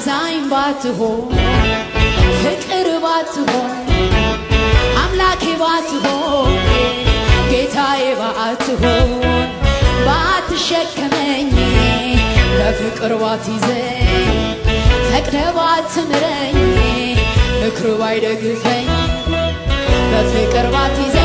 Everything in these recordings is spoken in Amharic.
አዛኝ ባትሆን ፍቅር ባትሆን አምላኬ ባትሆን ጌታዬ ባትሆን ባትሸከመኝ በፍቅር ባትይዘኝ ፈቅደ ባትምረኝ ምክሩ ባይደግፈኝ በፍቅር ባትይዘ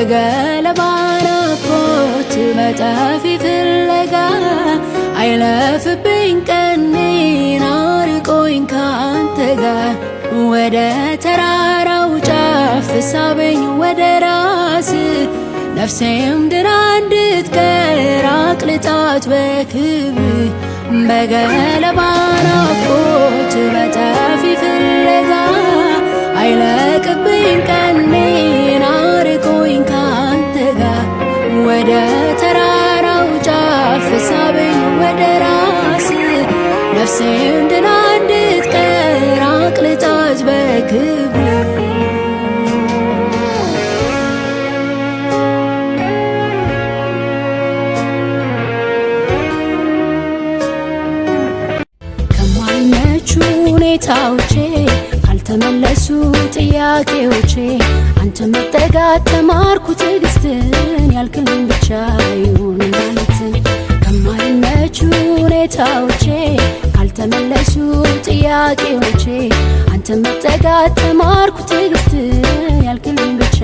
በገለባ ናፍቆት በጠፊ ፍለጋ አይለፍብኝ ቀኔን አርቆኝ ካንተ ወደ ተራራው ጫፍ ሳበኝ ወደ ራስ ነፍሴም ድና እንድትቀር አቅልጣት በገለባ ናፍቆት ነፍሴ እንድና እንድትቀር አቅልጣት በክብር ከማይመቹ ሁኔታዎቼ ካልተመለሱ ጥያቄዎቼ አንተ መጠጋት ተማርኩ ትዕግስትን ያልክልኝ ብቻ ይሁን ማለትን ከማይመቹ ሁኔታዎቼ ጥያቄዎቼ አንተን መጠጋት ተማርኩ ትዕግስት ያልክልኝ ብቻ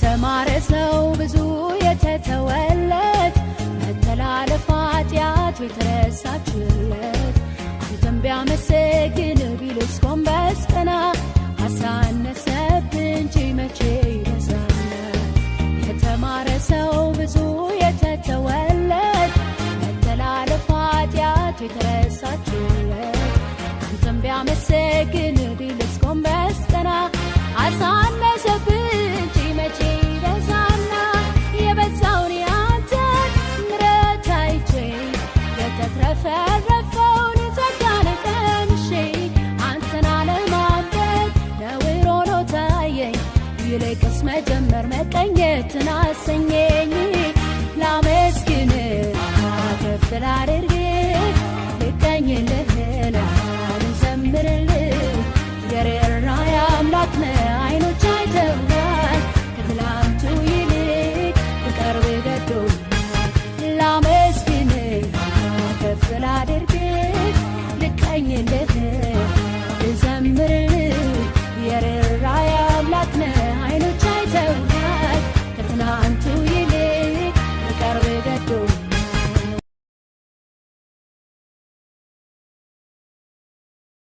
የተማረ ሰው ብዙ የተተወለት መተላለፍ ኃጢአት የተረሳችለት አንተም ቢያመሰግን ቢልስ ጎንበስ ቀና አሳነሰብ እንጂ መቼ ይነሳለ የተማረ ሰው ብዙ የተተወለት መተላለፍ ኃጢአት የተረሳችለት አንተም ቢያመሰግን ላድርግ ልቀኝ እንደት